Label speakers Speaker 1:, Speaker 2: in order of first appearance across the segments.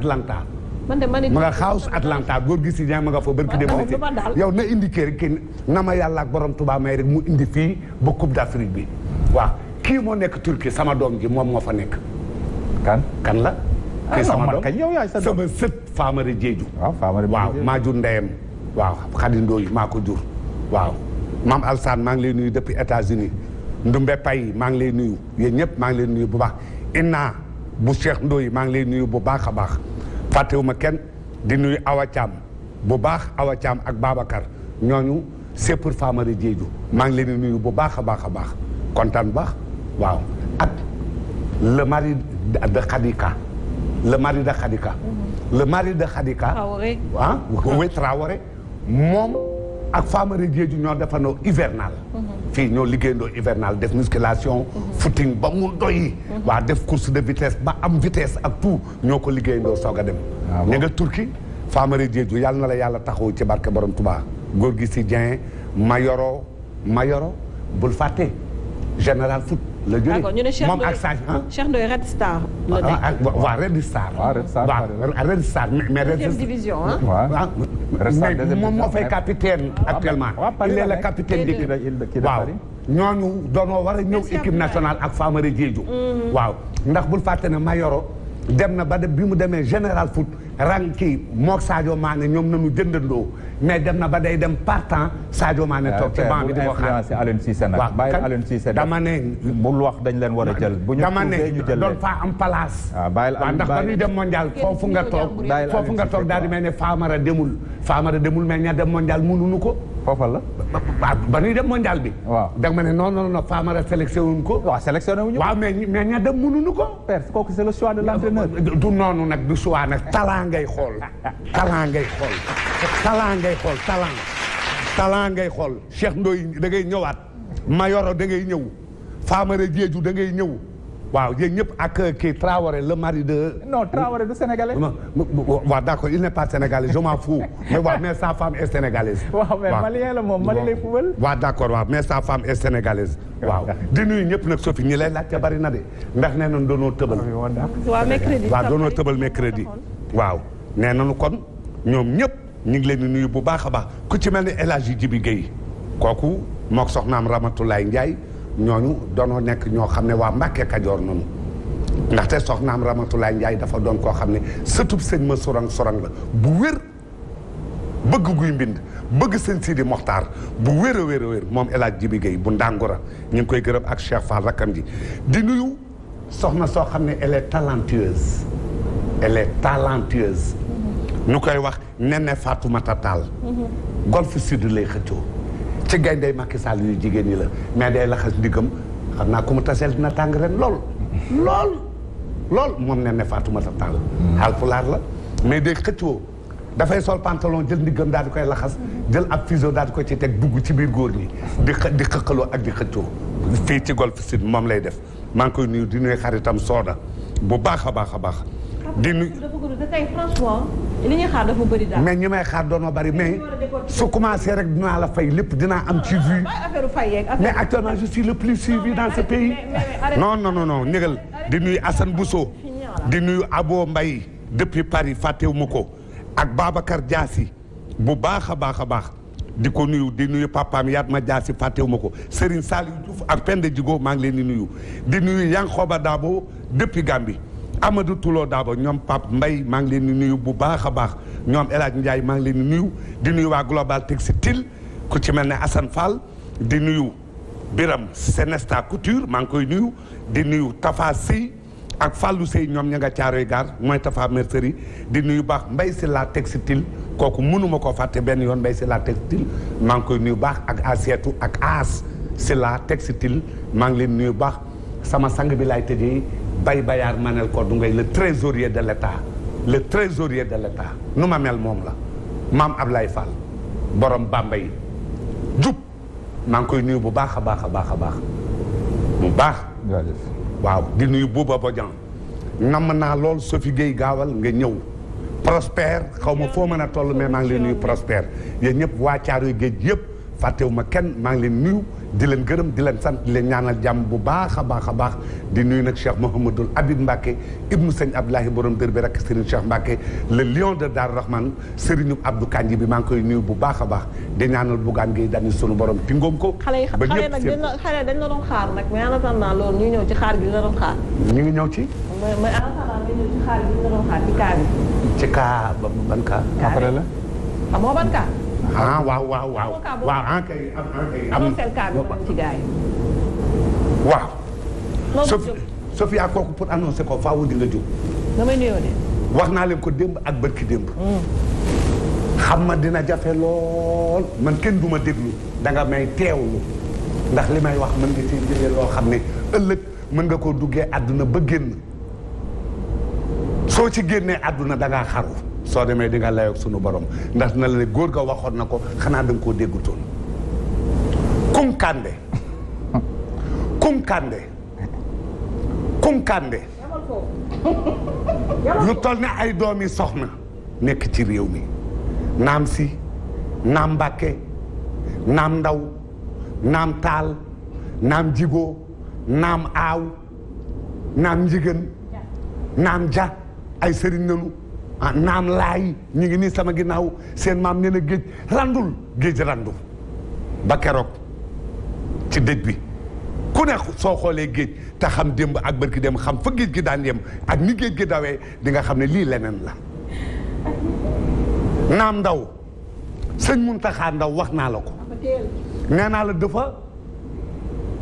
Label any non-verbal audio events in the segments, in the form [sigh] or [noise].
Speaker 1: Atlanta.
Speaker 2: man ma nga house
Speaker 1: Atlanta góor si ñaa ma nga fa barki dem yow na indi kër ki na ma yàlla ak borom Touba may rek mu indi fii ba Coupe d'Afrique bi waaw kii moo nekk Turquie sama doom ji moom moo fa nekk. kan la. Ah, sama doom yow yaay sa doom sama sët Famara Diédhiou. waaw ah, waaw maa jur ndeyam. waaw xadindooy maa ko jur. waaw maam Alsaan maa ngi lay nuyu depuis États-Unis Ndumbe Pay maa ngi lay nuyu yéen ñëpp maa ngi lay nuyu bu baax Inna. bu Cheikh Ndoye maa ngi lay nuyu bu baax a baax fàttewuma kenn di nuyu Awa bu baax Awa Thiam ak Babacar ñooñu c'est pour Famara Diédhiou maa ngi leen nuyu bu baax a baax a baax kontaan baax waaw ak le mari de xadika le mari de xadika mm-hmm. le mari ah, moom ak Famara Diédhiou ñoo defandoo hivernal. Mhm. fii ñoo liggéeyandoo hivernal def musculation. Mhm. footing ba mu doy. Mhm. waa def course de vitesse ba am vitesse ak tout ñoo ko liggéeyandoo soog a dem. waaw ah ña nga Turquie Famara Diédhiou yàlla na la yàlla taxaw ci barke Borom Touba. góor gi si Dieng Mayoro Mayoro bul fàtte général foot. la jógee d'accord ñu ne ah.
Speaker 2: Cheikh Ndoye Red Star. la ah, nekk
Speaker 1: ah, waaw Red Star. waaw Red Star waaw Red Star mais Red division ah. mais moom moo fay capitaine actuellement. il est le capitaine d'équipe waaw ñooñu doonoo war a ñëw équipe nationale ak Famara Diédhiou. Mhm. waaw ndax bul fàtte ne Mayoro dem na ba de bi mu demee général foot rang kii moog Sadio Mané ñoom nañu jëndandoo. mais dem na ba day dem partant Sadio Mané ah, toog ci banc bi di ko xaar dama ne bul wax dañ leen war a jël bu ñu dama ne doon faa am place ah, waaw ndax ba ñuy dem mondial foofu nga toog foofu nga toog daal di mel ne Famara demul Famara demul mais ña dem mondial mënuñu ko foofa la. ba nuy dem mondial bi. waaw da ma ne noonu non non Famara sélectionné wuñ ko. waaw sélectionné wuñu ko waaw mais mais ña dem mënuñu ko. kooku c'est le choix de du noonu nag du choix nag talent ngay xool. talent ngay xool. talent ngay xool talent. talent ngay xool. Cheikh Ndoye da ngay ñëwaat. Mayoro da ngay ñëw. Famara Diédhiou da ngay ñëw. waaw yéen ñëpp ak euh, kii Traoré le mari de. non Traoré du sénégalais. waaw d' accord il n' est pas sénégalais je m' en fous [laughs] mais waaw mais sa femme est sénégalaise. waaw mais malien la moom Mali lay fubal. waaw d' waaw mais sa femme est sénégalaise. waaw di nuyu ñëpp nag Sophie ñi lay laaj laajte bari na de ndax nee nañu doonoo tëbal. Ah, waaw mercredi waaw doonoo tëbal mercredi. waaw nee nañu kon ñoom ñëpp ñu ngi leen di nuyu bu baax a baax ku ci mel ni élargie Hadji Djibi Guèye kooku mook soxnaam Ramatoulaye Ndiaye. ñooñu doonoo nekk ñoo xam ne waa Mbàkke Kajoor noonu ndaxte soxnaam Ramatulaay Njaay dafa doon koo xam ne sëtub sëñ ma sorang sorang la bu wér bëgg guy mbind bëgg sëñ Sidi Moxtaar bu wér a wér a wér moom El Hadj Jibi bu Ndangura ñu ngi koy gërëm ak Cheikh Fall rakkam ji di nuyu soxna soo xam ne elle est talentueuse elle est ñu mm-hmm. koy wax Nene Fatoumata Tall mm-hmm. Golf Sud lay xëccoo ci gaynde Macky Sall yu jigéen ñi la mais day laxas diggam xam naa ku mu taseel dina tàng ren lool lool lool moom ne ne Fatoumata Tall Haalpulaar la mais day xëccoo dafay sol pantalon jël ndiggam daal di koy laxas jël ab fuseau daal di ko ci teg bugg ci biir góor ñi di di xëqaloo ak di xëccoo fii ci Golf Sud moom lay def maa ngi koy nuyu di nuyu xaritam sooda bu baax a baax a baax
Speaker 2: li mais
Speaker 1: ñi may xaar doon ma bëri mais su commencé rek dinaa la fay lépp dinaa am ci vue
Speaker 2: mais actuellement je
Speaker 1: suis le plus suivi dans ce pays non non non non négal di nuyu Assane Bousso di nuyu Abo Mbaye depuis Paris fàttewuma ko ak Babacar Diassi bu baax a baax a baax di ko nuyu di nuyu papaam Yatma Diassi fàttewuma ko Serigne Saliou Diouf ak Penda Djigo maa ngi leen di nuyu di nuyu Yankhoba Dabo depuis Gambie Amadou Toulon Dabo ñoom Pape mbay maa ngi leen di nuyu bu baax a baax ñoom El Hadj Ndiaye maa ngi leen di nuyu di nuyu waa Global Textile ku ci mel ne Assane Fall di nuyu Biram Senesta Couture maa koy niiw di nuyu Tafa Sy ak Fallou Sey ñoom ña nga caaroy gaar mooy Tafa Mercerie di nuyu baax mbay si la textile kooku mënuma koo fàtte benn yoon mbay si laa textile maa ngi koy nuyu baax ak Asietu ak As si la textile maa ngi leen nuyu baax sama sang bi laay tëjee Baye Bayar Manel Kodou Ngoye le trésorier de l'État le trésorier de l'État nu ma mel moom la maam Ablaye Fall borom Bambey jub maa ngi koy nuyu bu baax a baax a baax a baax bu baax waaw di nuyu Bouba Bodian nam naa lool Sophie Gueye gaawal nga ñëw Prospère xaw ma foo mën a toll mais maa ngi leen nuyu Prospère yéen ñëpp waa Caaroy géej yëpp fàttewuma kenn maa ngi leen nuyu di leen gërëm di leen sant di leen ñaanal jàmm bu baax a baax a baax di nuyu nag Cheikh Mouhamadul Habib Mbacke ibnu sëñ Abdoulahi borom dër bi rakk Serigne Cheikh Mbacke le lion de Darou Rahman Serigne Abdou Kandji bi maa ngi koy nuyu bu baax a baax di ñaanal Bougane Gueye sunu borom pingoom ko. ba ñëpp xale yi
Speaker 2: nag xale dañ la doon xaar nag mais en attendant loolu ñu ngi ñëw ci xaar gi la doon xaar. ñu ngi ci. mais mais en attendant ñu ngi ñëw ci xaar gi la
Speaker 1: ci kaa ci kaa ah waaw waaw waaw. waaw ah kay am kooku pour annoncer ko faaw di nga jóg. damay wax naa leen ko démb ak bërki démb. Mm. xam ma dina jafe lool man kenn du ma déglu danga may teewlu ndax li may wax mën nga ci jëlee loo xam ne ëllëg mën nga koo duggee àdduna ba génn soo ci génnee àdduna dangaa xaru soo demee di nga layoog sunu borom ndax na la góor ga waxoon na ko xanaa da nga koo déggutoon kunkande kunkande kunkande lu tol ne ay doomi soxna nekk ci réew mi naam si naam mbàkke naam ndaw naam taal naam jigo naam aaw naam njigéen naam ja ay sëriñ nanu ah naam laay ñu ngi nii sama ginnaaw seen maam nee géej randul géej randu ba keroog ci dëj bi ku ne soo xoolee géej te xam démb ak barki dem xam fa géej gi daan yem ak ni géej gi dawee di nga xam ne lii leneen la naam ndaw sëñ Muntaxa ndaw wax naa la ko ah, nee naa la dafa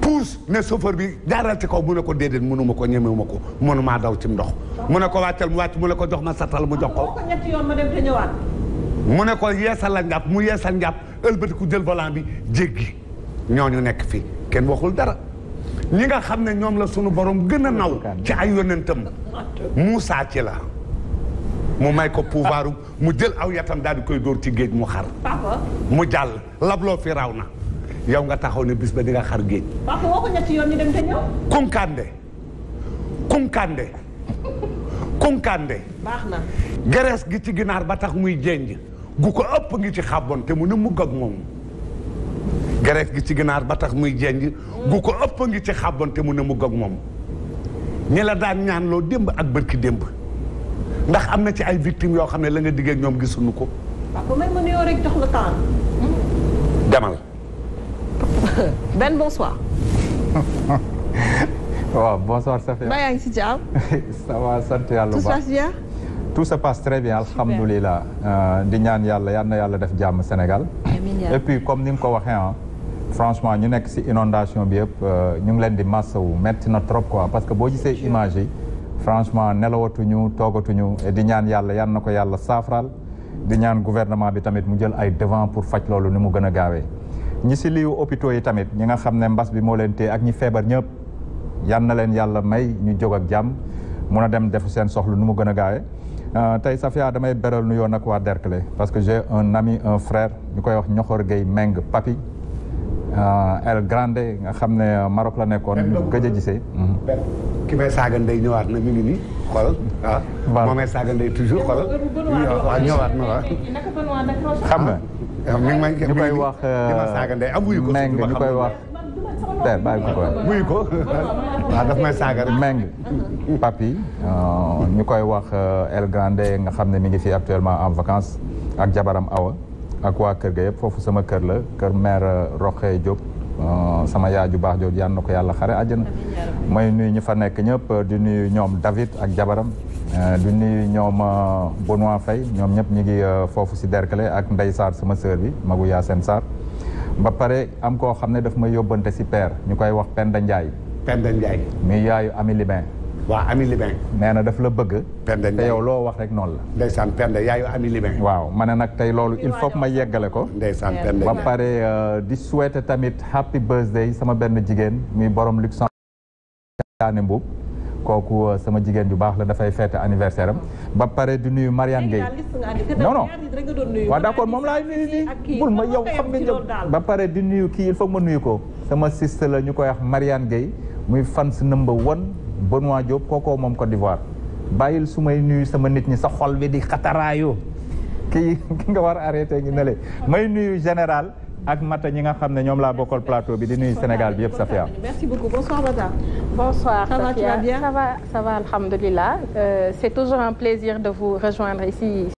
Speaker 1: puus ne chauffeur bi jaaral ci kaw mu ne ko déedéet mënu ma ko ñemewu ma ko mënu daw ci ndox mu ne ko wàccal mu wàcc mu ne ko jox ma satal mu jox ko ñetti yoon ma dem mu ne ko yeesal la njàpp mu yeesal njàpp ëlbatiku jël volant bi jéggi ñooñu nekk fii kenn waxul dara ñi nga xam ne ñoom la sunu borom gën a naw ci ay yonentam Moussa ci la mu may ko pouvoir mu jël aw yatam daal di koy dóor ci géej mu xar mu jàll labloo fi raw na yow nga taxaw ne bis ba di nga xar géej. papa woo ko gerees gi ci ginaar ba tax muy jénj gu ko ëpp ngi ci xàbbon te mu ne mugg ak moom. gerees gi ci ginaar ba tax muy jénj gu ko ëpp ngi ci xàbbon te mu ne mugg ak moom. ñi la daan ñaan loo démb ak bërki démb ndax am na ci ay victimes yoo xam ne la nga diggee ñoom gisuñu ko. demal.
Speaker 2: [laughs] Ben bonsoir. waaw [laughs] oh, bonsoir Safia. Ba yaa ngi ci jàmm. ça va sant tout se passe bien. tout se passe très bien alhamdulilah. Euh, di ñaan yàlla yal na yàlla def jàmm Sénégal. et comme ni nga ko waxee ah. franchement ñu nekk ci inondation bi yëpp euh, ñu ngi leen di massawu metti na trop quoi parce que boo gisee image yi. franchement nelawatuñu toogatuñu di ñaan yàlla yal na ko yàlla saafaraal. di ñaan gouvernement bi tamit mu jël ay devant pour faj loolu ni mu gën a gaawee. ñi si liyu hôpitaux yi tamit ñi nga xam ne mbas bi moo leen téye ak ñi feebar ñëpp yan na leen yàlla may ñu jóg ak jàmm mun a dem defu seen soxla nu mu gën a gaawee. Euh, tey Safia damay beral yoon ak waa Derklé parce que j'ai un ami un frère ñu koy wax Ñoxor Gueye Meng Papi. Euh, El Grande nga xam ne Maroc la nekkoon. gëj a gisee.
Speaker 1: Mhm. ki may saaga ndey ñëwaat na mi ngi nii xool ah. moo may saaga ndey toujours xool.
Speaker 2: waaw ñëwaat na waaw. xam nga.
Speaker 1: Ah. mi ngi may ñu koy wax
Speaker 2: di ma saaga ndey am ah, wuyu ko meng ñu koy wax. tey bàyyi ko koy wuyu ko waaw ah, daf may saaga rek. meng papi euh, ñu koy wax euh, El Grande nga xam ne mi ngi fi actuellement en vacances ak jabaram Awa. ak waa kër ga yëpp foofu sama kër la kër maire Roxee Diop euh, sama yaay ju baax jooju yal na ko yàlla xare àjjana mooy nuyu ñi fa nekk ñëpp di nuyu ñoom David ak jabaram euh, di nuyu ñoom euh, Benoît Faye ñoom ñëpp ñu ngi foofu si Derklé ak Ndeye Sarr sama sœur bi magu Yacine Sarr ba pare am koo xam ne daf may yóbbante si père ñu koy wax Penda Ndiaye Penda Ndiaye yaayu Ami Libain waa ami Libin. na daf la bëgg. pende te yow loo wax rek noonu la. ndeysaan pende yaayu waaw ma ne nag tey loolu il faut ma yeggale ko. ndeysaan pende ba pare euh, di souhaiter tamit happy birthday sama benn jigéen muy borom Luxembourg. daane mbub kooku euh, sama jigéen ju baax la dafay fête anniversaire am ba pare di nuyu Mariane Gueye non waaw d'accord moom laay nuyu di nuyu kii il faut ma nuyu ko sama sister la ñu koy ax Mariane Gueye muy fan fans number one Benoît Diop kookoo moom Côte d'Ivoire bàyyil su may nuy sama nit ñi sa xol bi di xataraayu kii ki nga war a arrêté ngi ne le may nuyu général ak Mata ñi nga xam ne ñoom laa bokkal plateau bi di nuyu Sénégal bi yëpp Safia. merci beaucoup bonsoir Mata. bonsoir euh, c'est toujours un plaisir de vous rejoindre ici.